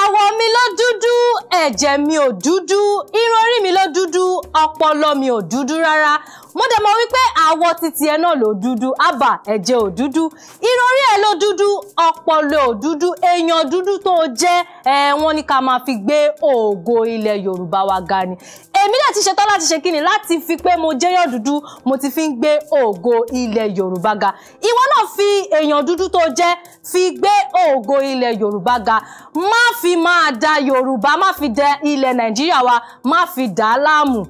àwọ̀ mi ló dúdú ẹ̀jẹ̀ mi ò dúdú irun orí mi ló dúdú ọpọlọ mi ò dúdú rárá mo dẹ̀ mọ̀ wípé àwọ̀ titi ẹ̀ náà ló dúdú àbà ẹ̀jẹ̀ ò dúdú irun orí ẹ̀ ló dúdú ọpọlọ ò dúdú èèyàn dúdú tó jẹ́ ẹ wọ́n ní ká máa fi gbé ògo ilẹ̀ Yorùbá wa ga ni èmi náà ti ṣetán láti ṣe kíni láti fi pé mo jẹ́yọ̀ dúdú mo ti fi ń gbé ògo ilẹ̀ Yorùbá ga ìwọ fi èèyàn dúdú tó jẹ́ fi gbé ògo ilẹ̀ Yorùbá ga má fi máa da Yorùbá má fi da ilẹ̀ Nàìjíríà wa má fi dà á láàmú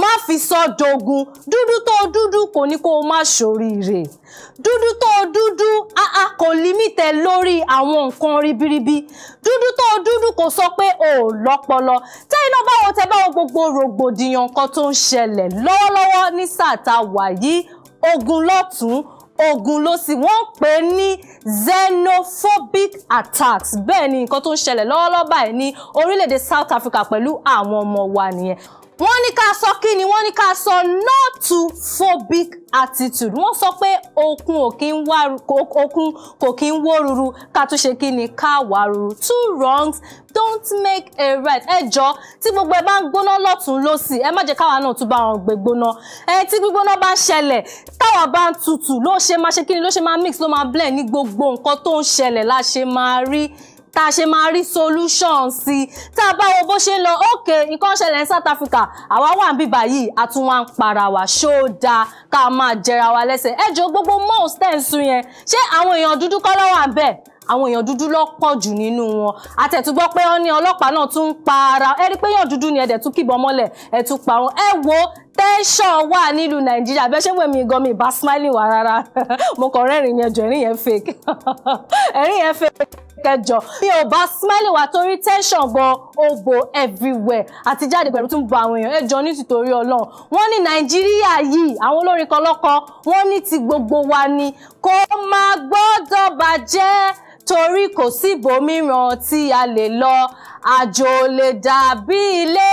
má fi sọ dogun dúdú tó dúdú kò ní kó o má ṣoríire dúdú tó dúdú a kò límìtẹ̀ lórí àwọn nǹkan ribiribi dúdú tó dúdú kò sọ pé o ò lọ́pọlọ tẹ́yìn náà báwo tẹ báwo gbogbo rògbòdìyàn nǹkan tó ń ṣẹlẹ̀ lọ́wọ́lọ́wọ́ ní sáà tá ogun lọ́tún ogun ló sì wọ́n pè ní xenophobic attacks bẹ́ẹ̀ ni nǹkan tó ń ṣẹlẹ̀ lọ́wọ́lọ́wọ́ báyìí ní orílẹ̀-èdè South Africa pẹ̀lú àwọn ọmọ wa nìyẹn wọ́n ní ká sọ kí ni wọ́n ní ká sọ no to phobic attitude wọ́n sọ pé okun ò kí ń wá okun kò kí ń wó ruru ká tún ṣe kí ni ká wá ruru two wrongs don't make a right ẹ jọ tí gbogbo ẹ bá ń gbóná lọ́tún lọ́sì ẹ má jẹ́ káwa náà tún bá wọn gbé gbóná ẹ tí gbígbóná bá ń ṣẹlẹ̀ táwa bá ń tutù ló ṣe máa ṣe kí ni ló ṣe máa mix ló máa blend ní gbogbo nǹkan tó ń ṣẹlẹ̀ la máa rí tá a ṣe máa rí solution sí tá a bá wo bó ṣe ń lọ okay nǹkan ṣẹlẹ̀ ní South Africa àwa wà níbí báyìí a tún wá ń para wa ṣó da. ká máa jẹra wa lẹ́sẹ̀ ẹ jọ gbogbo mọ́ọ̀s tẹ̀ ń sun yẹn ṣé àwọn èèyàn dúdú kọ́ lọ́wọ́ àbẹ́ àwọn èèyàn dúdú ló pọ̀ jù nínú wọn àtẹ̀tùgbọ́ pé wọ́n ní ọlọ́pàá náà tún ń pa ara ẹ rí pé èèyàn dúdú ni ẹ̀dẹ̀ tún kìbọn mọ́lẹ̀ ẹ̀ tún pa wọn ẹ wo tẹ́ńsọ̀n wà nílùú nàìjíríà bẹ́ẹ̀ ṣé wèmí gan mi ìbá smiling wà rárá mo kàn rẹ́rìn yẹn jù ẹ̀rín yẹn fake ẹ̀rín yẹn fake kẹjọ mi ò bá smiling wa torí tension gan obo everywhere àti jáde pẹ̀lú tún bọ àwọn èèyàn ẹjọ́ ní tìtorí ọlọ́run wọ́n ní nàìjíríà yìí àwọn olórin kan lọ́kọ wọ́n ní ti gbogbo wa ni kó máa gbọ́dọ̀ bàjẹ́ torí kò sí ibòmíràn tí a lè lọ àjò lè dàbí ilé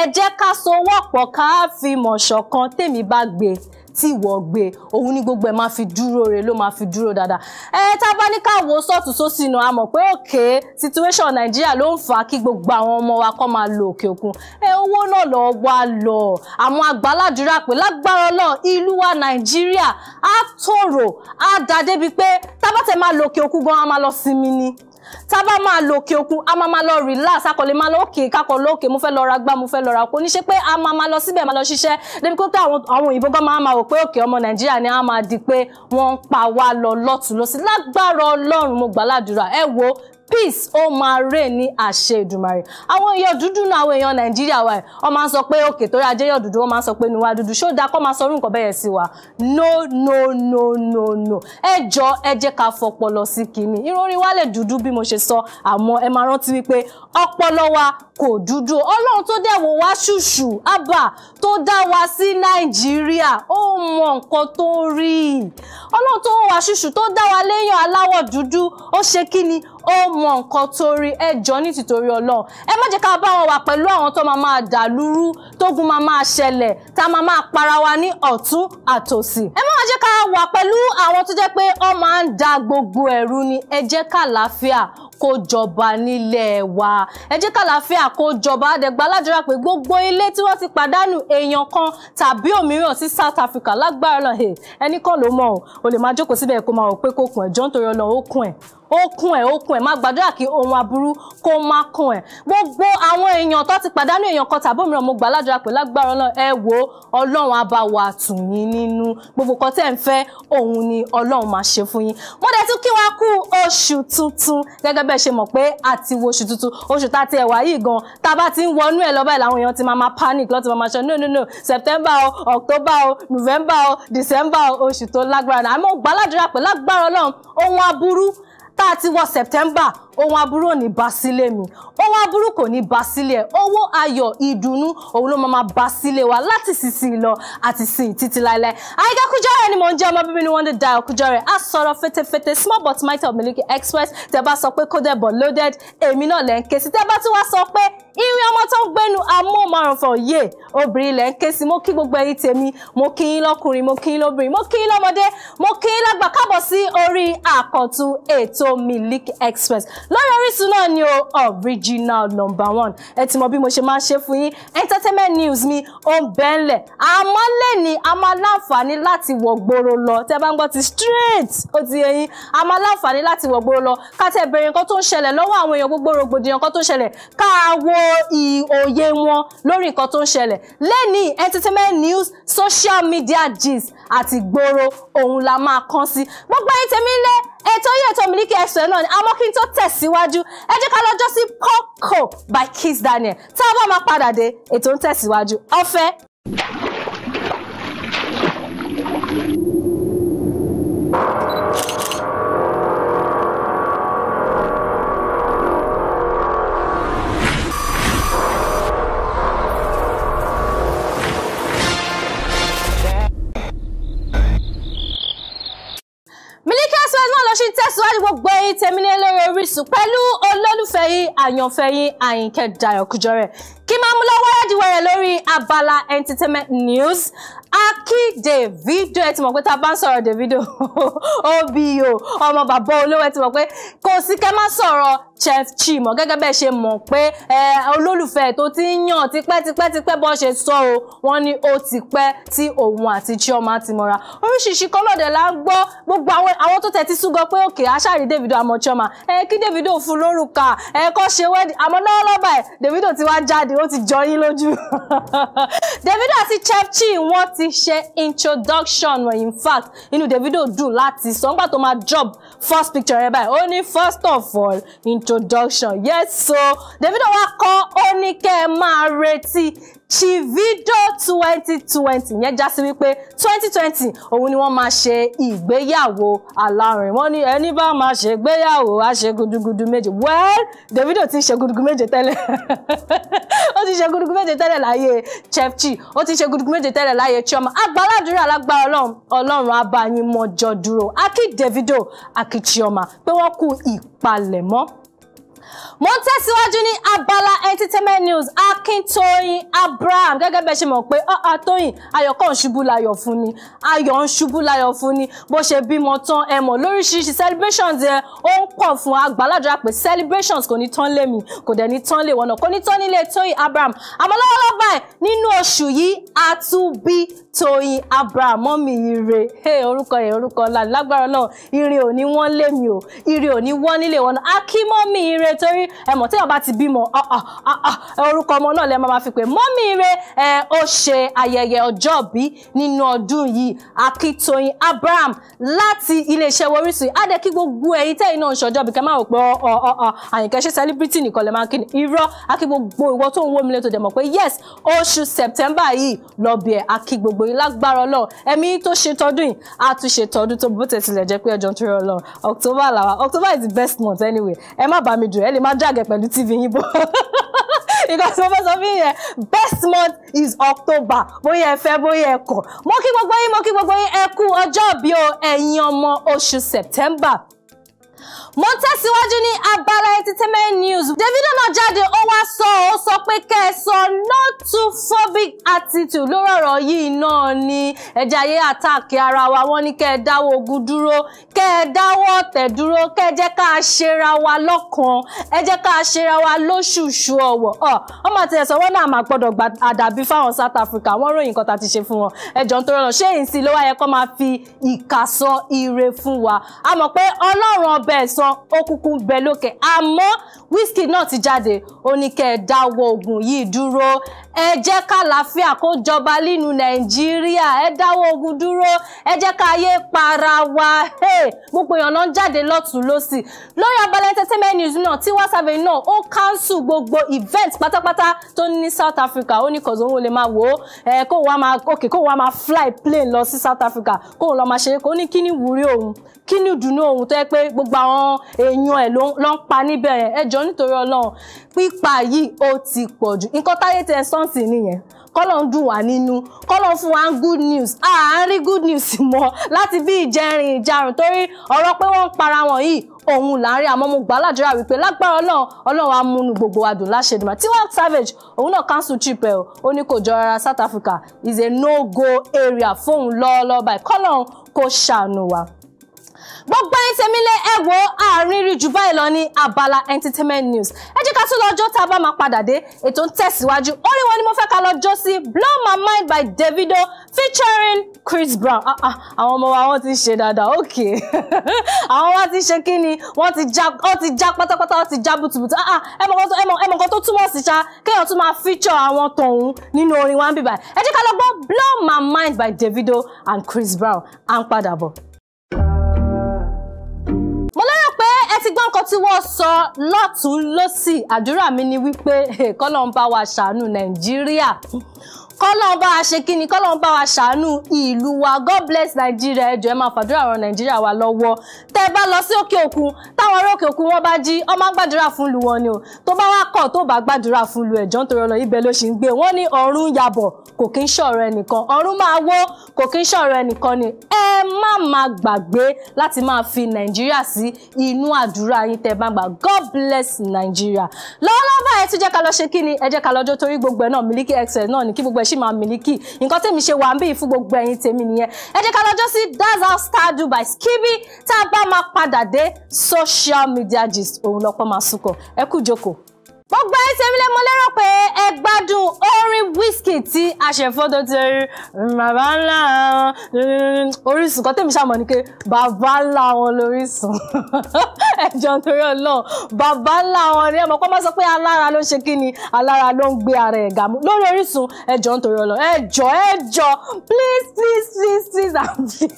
ẹ jẹ́ ká sowọ́pọ̀ ká fìmọ̀ ṣọ̀kan tèmi bá gbé tí ìwọ gbé òun ní gbogbo ẹ̀ máa fi dúró re ló máa fi dúró dáadáa ẹ tá a bá ní káwo sọ́ọ̀tún sósì náà a mọ̀ pé òkè situation nàìjíríà ló ń fà á kí gbogbo àwọn ọmọ wa kọ́ máa lo òkè òkun ẹ owó náà lọ wá lọ àwọn àgbàládùúrà pé lágbára Ọlọ́run ìlú wa nàìjíríà á tòrò á dá débi pé tá a bá tẹ̀ máa lo òkè òkun gan-an á máa lọ sinmi ni tá a bá máa lọ òkè òkun a máa máa lọ relax a kò lè máa lọ òkè kakọ̀ lókè mo fẹ́ lọ ra gbá mo fẹ́ lọ ra kó ní ṣe pé a máa máa lọ síbẹ̀ máa lọ ṣiṣẹ́ débi pé àwọn òyìnbó gan máa máa wò pé òkè ọmọ nàìjíríà ni a máa di pé wọ́n ń pa wá lọ lọ́tùlọ́sí lágbára ọlọ́run mo gbàládùra ẹ wo peace ó máa rè ní àṣẹ Èdùmàrè àwọn èèyàn dúdú náà àwọn èèyàn nàìjíríà wa ẹ̀ wọ́n máa ń sọ pé òkè tó yájẹ́ yàn dúdú wọ́n máa ń sọ pé nuwa dúdú ṣó dáa kó máa sọ orú nǹkan bẹ́ẹ̀ sí wa no no no no no ẹ jọ ẹ jẹ́ ká fọpọlọ sí kinní irun orí wa lè dúdú bí mo ṣe sọ àmọ́ ẹ máa rántí wípé ọpọlọ wa kò dúdú ọlọ́run tó dẹ̀ wò wá ṣùṣù àbà tó dá wa sí nàìjíríà ó mọ nǹkan tó rí ọlọ́run tó wò wá ṣùṣù tó dá wa léèyàn aláwọ̀ dúdú ó ṣe kí ni ó mọ nǹkan tó rí ẹjọ́ ní tìtorí ọlọ́run ẹ má jẹ́ ká bá wọn wà pẹ̀lú àwọn tó máa máa dàlúrú tógun máa máa ṣẹlẹ̀ tá máa máa para wa ní ọ̀tún àtòsì ẹ má jẹ́ ká wà pẹ̀lú àwọn tó jẹ́ pé ó máa ń da gbogbo ẹ̀rú ni ẹ jẹ́ ká kó jọba nílẹ̀ wa ẹ jẹ́ kàlàáfíà kó jọba àdẹ̀gbà aládùúrà pé gbogbo ilé tí wọ́n ti pàdánù èèyàn kan tàbí òmíràn sí South Africa lágbára lọ ẹnì kan ló mọ̀ o lè máa jókòó síbẹ̀ kó máa rò pé kó kùn ẹ̀ jọ́ nítorí ọlọ́run ó kùn ẹ̀ ó kún ẹ ó kún ẹ má gbàdúrà kí ohun aburú kó má kún ẹ gbogbo àwọn èèyàn tó ti pàdánù èèyàn kan tàbí òmíràn mo gbà ládùúrà pé lágbára Ọlọ́run ẹ wo Ọlọ́run á bá wa tù yín nínú gbogbo kan tẹ́ ń fẹ́ òun ni Ọlọ́run máa ṣe fún yín mo dẹ̀ tún kí wa kú oṣù tuntun gẹ́gẹ́ bẹ́ẹ̀ ṣe mọ̀ pé àti wo oṣù tuntun oṣù tá ti ẹ̀wà yìí gan tá a bá ti ń wọnú ẹ̀ lọ́bàá làwọn ti máa ma panic lọ́ti máa ma ṣe no no no September o October o November o December o oṣù tó lágbára náà àmọ́ gbàládùúrà pé lágbára Ọlọ́run ohun aburú tá a ti wọ September ohun aburú ò ní bá sílé mi ohun aburú kò ní bá sílé ẹ owó ayọ̀ ìdùnnú òun ló máa bá sílé wa láti sísìn lọ àti sìn títí láéláé Àyìnkẹ́ Kújọrẹ ni mò ń jẹ́ ọmọ bíbí ni wọ́n dé da Kújọrẹ á sọ̀rọ̀ fetefete small but mighty of Miliki Express tẹ́ bá sọ pé coded but loaded èmi náà lẹ́ ń ké sí tẹ́ bá tún wá sọ pé irin ọmọ tó ń gbẹnu amóhùnmáwòránfọ̀ yé obìnrin lẹ́ ń ké sí mo kí gbogbo ẹ̀yin tèmi mo kí yín lọ́kùnrin mo kí yín lóbìnrin mo kí yín lọ́mọdé mo kí yín lágbà káàbọ̀ sí orí àkọ́tún ètò Miliki Express lórí Orísun náà ni o original number one ẹ ti mọ bí mo ṣe máa ṣe fún yín entertainment news mi ó ń bẹ́ńlẹ̀ àmọ́ lẹ́ni a máa láǹfààní láti wọ̀ gbòòrò lọ tẹ́ bá ń gbọ́ ti straight ó ti yé yín a máa láǹfààní láti wọ̀ gbòòrò lọ ká tẹ́ bẹ̀rẹ̀ nǹkan tó ń ṣẹlẹ̀ lọ́wọ́ àwọn èèyàn gbogbo rògbòdìyàn kan tó ń ṣẹlẹ̀ ká wo òye wọn lórí nǹkan tó ń ṣẹlẹ̀ lẹ́ni entertainment news social media gist àti gbòòrò òun la máa kàn sí gbogbo ayé tèmi lẹ́ ètò yìí ètò Miliki Express náà ni àmọ́ kí n tó tẹ̀síwájú ẹ jẹ́ ká lọ́jọ́ sí Koko by Kiss Daniel tá a bá máa padà dé ètò ń tẹ̀síwájú ọ̀fẹ́. tèmi ní eléré Orísun pẹ̀lú olólùfẹ́ yín àyànfẹ́ yín Àyìnkẹ́ Dayọ̀ Kújọrẹ́ tẹ̀síwájú wẹ́rẹ́ lórí abala entertainment news Aki Davido ẹ ti mọ̀ pé tá a bá ń sọ̀rọ̀ Davido OBO ọmọ bàbá olówó ẹ ti mọ̀ pé kò sí kẹ́ má sọ̀rọ̀ Chef Chimo gẹ́gẹ́ bẹ́ẹ̀ ṣe mọ̀ pé olólùfẹ́ tó ti ń yàn tipẹ́tipẹ́tipẹ́ bọ́ ṣe sọ o wọ́n ní ó ti pẹ́ tí òun àti Chioma ti mọ̀ra oríṣiríṣi kọ́lọ̀dẹ̀ la ń gbọ́ gbogbo àwọn tó tẹ̀ ti súgọ pé òkè aṣáàrí Davido àmọ́ Chioma ẹ kí Davido fún lórúkà ẹ kọ́ ṣe wẹ́ẹ̀dì àmọ́ lọ́wọ́lọ́wọ́ báyìí Davido ti wá jáde ó ti jọ yín lójú jù Davido àti Chef Chi wọ́n ti ṣe introduction in fact inú Davido dùn láti sọ nígbà tó máa drop first picture rẹ báyìí ó ní first of all introduction yes so Davido wá kọ́ ó ní kẹ́ ẹ máa retí Chivido twenty twenty yẹn já sí wípé twenty twenty òun ni wọ́n máa ṣe ìgbéyàwó alárin wọ́n ní ẹni bá máa ṣe ìgbéyàwó á ṣe gudugudu méje well Davido ti ṣe gudugudu méje tẹ́lẹ̀ ó ti ṣe gudugudu méje tẹ́lẹ̀ láyé Chefchi ó ti ṣe gudugudu méje tẹ́lẹ̀ láyé Chioma agbáládùúrà lágbá ọlọ́run ọlọ́run abáyín mọ́jọ dúró akí Davido akí Chioma pé wọ́n kú ìpalẹ̀mọ́ mo ń tẹ̀síwájú ní abala entertainment news akíntóyin abraham gẹ́gẹ́ bẹ́ẹ̀ ṣe mọ̀ pé ọ̀ọ́ ah, ah, tóyìn ayọ̀ kan ṣubú layọ̀ fún ni ayọ̀ ń ṣubú layọ̀ fún ni bó ṣe bímọ tán ẹ mọ̀ lóríṣiríṣi celebrations yẹn ó ń pọ̀ fún agbáládúrà pé celebrations kò ní tán lémi kò dẹ̀ ní tán lé wọnà kò ní tán nílé tóyìn abraham àmọ́ lọ́wọ́lọ́wọ́ báyìí nínú oṣù yìí àtúbí Tóyìn Abraham mọ́mì ire hey, orúkọ yẹn orúkọ ńlá lágbára náà ire ò ní wọ́n lé mi o ire ò ní wọ́n nílé wọn náà akí mọ́mì ire torí ẹ̀mọ̀ téèyàn bá ti bímọ orúkọ ọmọ náà lẹ́ máa fi pé mọ́mì ire ó ṣe ayẹyẹ ọjọ́bí nínú ọdún yìí akí Tóyìn Abraham láti iléeṣẹ́ Orísun adé kí gbogbo ẹ̀yin tẹ́yìn náà ń ṣọjọ́bí kẹ́ máa rò pé Àyìnkẹ́ ṣe celebrity nìkan lẹ́ máa kí ni irọ́ akí gbogbo ìwọ tó ń wó mi lẹ́tọ̀ọ́ dẹ̀ mọ̀ pé yes oṣù September yìí lọ́ọ́ bí ẹ̀ akí gbogbo gbogbo yìí lágbára Ọlọ́run ẹ̀mí tó ṣe tọdún yìí á tún ṣe tọdún tó bó tẹ̀sílẹ̀ jẹ́ pé ọjọ́ ń torí Ọlọ́run October làwa October is the best month anyway ẹ má bàa mi jù ẹ lè má dàgẹ̀ pẹ̀lú TV yín bọ́ because mo fẹ́ sọ fún yẹn best month is October bóyá ẹ fẹ́ bóyá ẹ kọ̀ mo kí gbogbo yín mo kí gbogbo yín ẹ kú ọjọ́ bí o ẹ̀yin ọmọ oṣù September mo ń ní abala entertainment news Davido náà jáde ó wá sọ ó sọ pé kẹ́ ẹ sọ no to phobic attitude lórí ọ̀rọ̀ yìí náà ni ẹ̀jẹ̀ ayé àtàkì ara wa wọ́n ní kẹ́ ẹ dáwọ́ ogun dúró kẹ́ ẹ dáwọ́ ọ̀tẹ̀ dúró kẹ́ ẹ jẹ́ ká a ṣera wa lọ́kan ẹ jẹ́ ká a ṣera wa lóṣùṣù ọ̀wọ̀ ọ̀ ọmọ àti ẹ̀sọ́ wọn náà máa gbọ́dọ̀ gba àdàbí fáwọn South Africa wọ́n ròyìn kan tá a ti ṣe fún wọn ẹ̀jọ̀ ń tó rọrùn ṣé ìsìn ló wáyẹ kó máa fi ìkà sọ ire fún wa a mọ̀ pé Ọlọ́run ọbẹ̀ ẹ̀sọ́ sọ ó kúkú ń bẹ lókè àmọ́ Wizkid náà ti jáde ó ní kẹ́ ẹ dáwọ́ ogun yìí dúró ẹ jẹ́ kàlàáfíà kó jọba nínú nàìjíríà ẹ dáwọ́ ogun dúró ẹ jẹ́ ká yé para wa gbogbo èèyàn náà ń jáde lọ́tún lọ́sì lórí abala entertainment news náà tí wá náà ó cancel gbogbo event pátápátá tó ní ní south africa ó ní kọ̀ọ̀sán òun lè máa wò ó kó wa máa ok kó wa máa fly plane lọ sí south africa kó òun lọ máa ṣeré kó ní kí ni ìwúrí òun kí ni ìdùnnú òun tó yẹ pé gbogbo àwọn èèyàn ẹ̀ ló ń pa níbẹ̀ ẹ̀ jọ nítorí ọlọ́run pípa yìí ó ti pọ̀ jù nǹkan táyé tẹ̀ sọ nonsense nìyẹn kọ́lọ́n dùn wá nínú kọ́lọ́n fún wa good news à á rí good news mọ́ láti bí ìjẹrin ìjarùn torí ọ̀rọ̀ pé wọ́n ń para wọn yìí òun láàrin àmọ́ mo gbà ládùúrà wípé lágbára ọlọ́run ọlọ́run amúnú gbogbo adùn láṣẹdùmá Tiwa Savage òun náà cancel trip ẹ̀ ó ní kò jọ rárá South Africa is a no-go area fóun lọ́ọ́lọ́ọ́ báyìí kọ́lọ́run kò ṣàánú wa gbogbo ẹ̀yin tèmi lé ẹ wò àárín rí jù báyìí lọ ní abala entertainment news ẹ jẹ́ ká tún lọ ọjọ́ tá a bá máa padà dé ètò ń tẹ̀síwájú orí wọn ni mo fẹ́ ká lọ jó sí blow my mind by davido featuring chris brown ah, ah, àwọn ọmọ wa wọ́n ti ṣe dáadáa ok àwọn wa ti ṣe kí ni wọ́n ti já wọ́n ti já pátápátá wọ́n ti já bùtùbùtù ah, ẹ mọ̀ kan tó túmọ̀ sí ṣá kéèyàn tún máa feature àwọn tọ̀hún nínú orin wa ń bíbá ẹ jẹ́ ká lọ gbọ́ blow my mind by davido and chris brown à ń padà bọ̀. ọ̀rọ̀ tí wọ́n sọ lọ́tún lọ́sì àdúrà mi ni wípé kọ́lọ́n bá wa ṣàánú Nàìjíríà kọ́lọ́n bá wa ṣe kí ni kọ́lọ́n bá wa ṣàánú ìlú wa god bless nigeria ẹ jọ̀ọ́ ẹ máa fàdúrà ran nàìjíríà wa lọ́wọ́ tẹ́ ẹ bá lọ sí òkè òkun táwọn ará òkè òkun wọn bá jí ọ máa ń gbàdúrà fún lu wọn ni o tó bá wá kọ̀ tó bá gbàdúrà fún lu ẹ̀jọ́ nítorí ọ̀nà ibẹ̀ ló ṣì ń gbé wọ́n ní ọ̀run yabọ̀ kò kí ń ṣọ̀rọ̀ ẹnìkan ọ̀run máa wó kò kí ń ṣọ̀rọ̀ ẹnìkan ni ẹ má máa gbàgbé láti máa fi nàìjíríà sí inú àdúrà yín tẹ́ bá gbà god bless nàìjíríà lọ́wọ́lọ́wọ́ báyìí tún jẹ́ ká lọ ṣe kí ni ẹ jẹ́ ká lọ torí gbogbo ẹ̀ náà Miliki Express náà ni kí gbogbo ẹ̀ ṣe ṣì máa mílíkì nǹkan tèmi ṣe wà ń bí fún gbogbo ẹ̀yin tèmi nìyẹn ẹ jẹ́ ká lọ́jọ́ sí that's how star do by skibi tá a bá máa padà dé social media gist òun lọ́pọ̀ máa sunkọ̀ ẹ kú jókòó gbogbo ẹ ṣe mí lé mo lérò pé ẹ gbádùn orin Wizkid tí aṣèfọ́dọ̀ ti rí bàbá ńlá Orísun kan tèmi ṣàmọ̀ ni pé bàbá ńlá wọn lórísun ẹjọ́ torí ọlọ́run bàbá ńlá wọn ni ẹmọ̀ pọ́ máa sọ pé alára ló ń ṣe kí ni alára ló ń gbé ara ẹ̀ ga mú lórí Orísun ẹjọ́ torí ọlọ́run ẹjọ́ ẹjọ́ please please please please àbí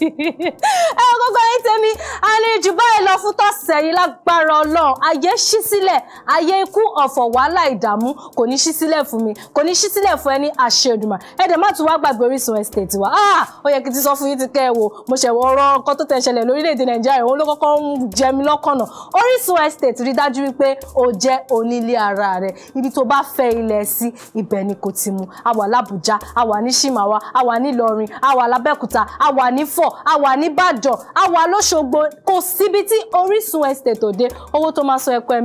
ẹ wọ gbogbo ẹ̀yin tèmi a ní jù báyìí lọ fún tọ̀sẹ̀ yìí lágbára ọlọ́run ọ̀fọ̀ wàhálà ìdààmú kò ní ṣí sílẹ̀ fún mi kò ní ṣí sílẹ̀ fún ẹni àṣẹ Èdùmàrè ẹ má tún wá gbàgbé Orísun estate wa ah ó yẹ kí ti sọ fún yín ti kẹ́ ẹ wò mo ṣẹ̀wọ̀ ọ̀rọ̀ nǹkan tó tẹ̀ ṣẹlẹ̀ lórílẹ̀‐èdè Nàìjíríà òun ló kọ́kọ́ ń jẹ mi lọ́kànnà Orísun estate rí dájú wípé o jẹ́ onílé ara rẹ ibi tó bá fẹ́ ilẹ̀ sí ibẹ̀ ni kò ti mu a wà l'Àbújá a wà ní Ṣímàwá a wà ní Ìlọrin a wà l'Abẹ́òkúta a wà ní Ifọ̀ a wà ní Ìbàdàn a wà l'Óṣogbo kò síbi tí Orísun estate òde owó tó máa sọ ẹ̀kọ́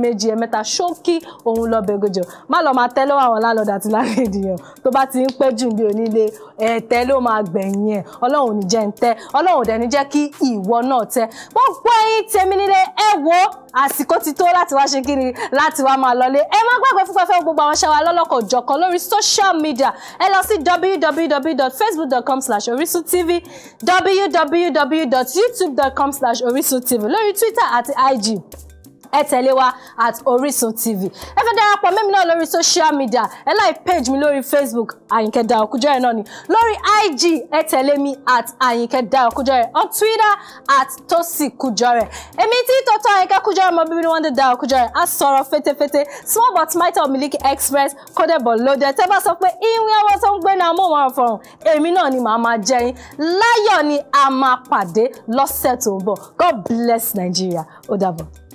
òun lọ bẹ̀gọ́jọ má lọ máa tẹ́ lọ́wọ́ àwọn lálọ́dà àti lálẹ́dìyàn tó bá ti ń pẹ́ jù bí onílé ẹ̀tẹ́ ló máa gbẹ̀yìn ẹ̀ ọlọ́run ní jẹ́ ń tẹ́ ọlọ́run dẹ̀ ní jẹ́ kí ìwọ náà tẹ́ gbogbo ẹ̀yin tèmi nílé ẹ wo àsìkò ti tó láti wá ṣe kí ni láti wá máa lọlé ẹ má gbàgbé fún pẹfẹ gbogbo àwọn ṣẹwà lọlọkọ jọkan lórí social media ẹ lọ sí www.facebook.com/orisuntv www.youtube.com/orisuntv lórí twitter àti ig ẹ tẹ̀lé wa at Orisun TV ẹ fẹ́ darapọ̀ mẹ́mi náà lórí social media ẹ láì page mi lórí Facebook Àyìnkẹ́ Dayọ̀ Kújọ́rẹ̀ náà ni lórí IG ẹ tẹ̀lé mi at Àyìnkẹ́ Dayọ̀ Kújọ́rẹ̀ on Twitter at Tosi Kújọ́rẹ̀ èmi tí tọ́tọ́ Àyìnkẹ́ Kújọ́rẹ̀ mọ bíbí ni wọ́n dé Dayọ̀ Kújọ́rẹ̀ á sọ̀rọ̀ fetefete small but mighty of Miliki Express kódẹ̀bọ̀ lóde tẹ́ bá sọ pé ìwé ọwọ́ tó ń gbé náà mọ̀ wọ́n fọ̀rùn èmi náà ni màá máa jẹ láyọ̀ ni a máa pàdé lọ́sẹ̀ tó ń bọ̀ God bless Nigeria ó dàbọ̀.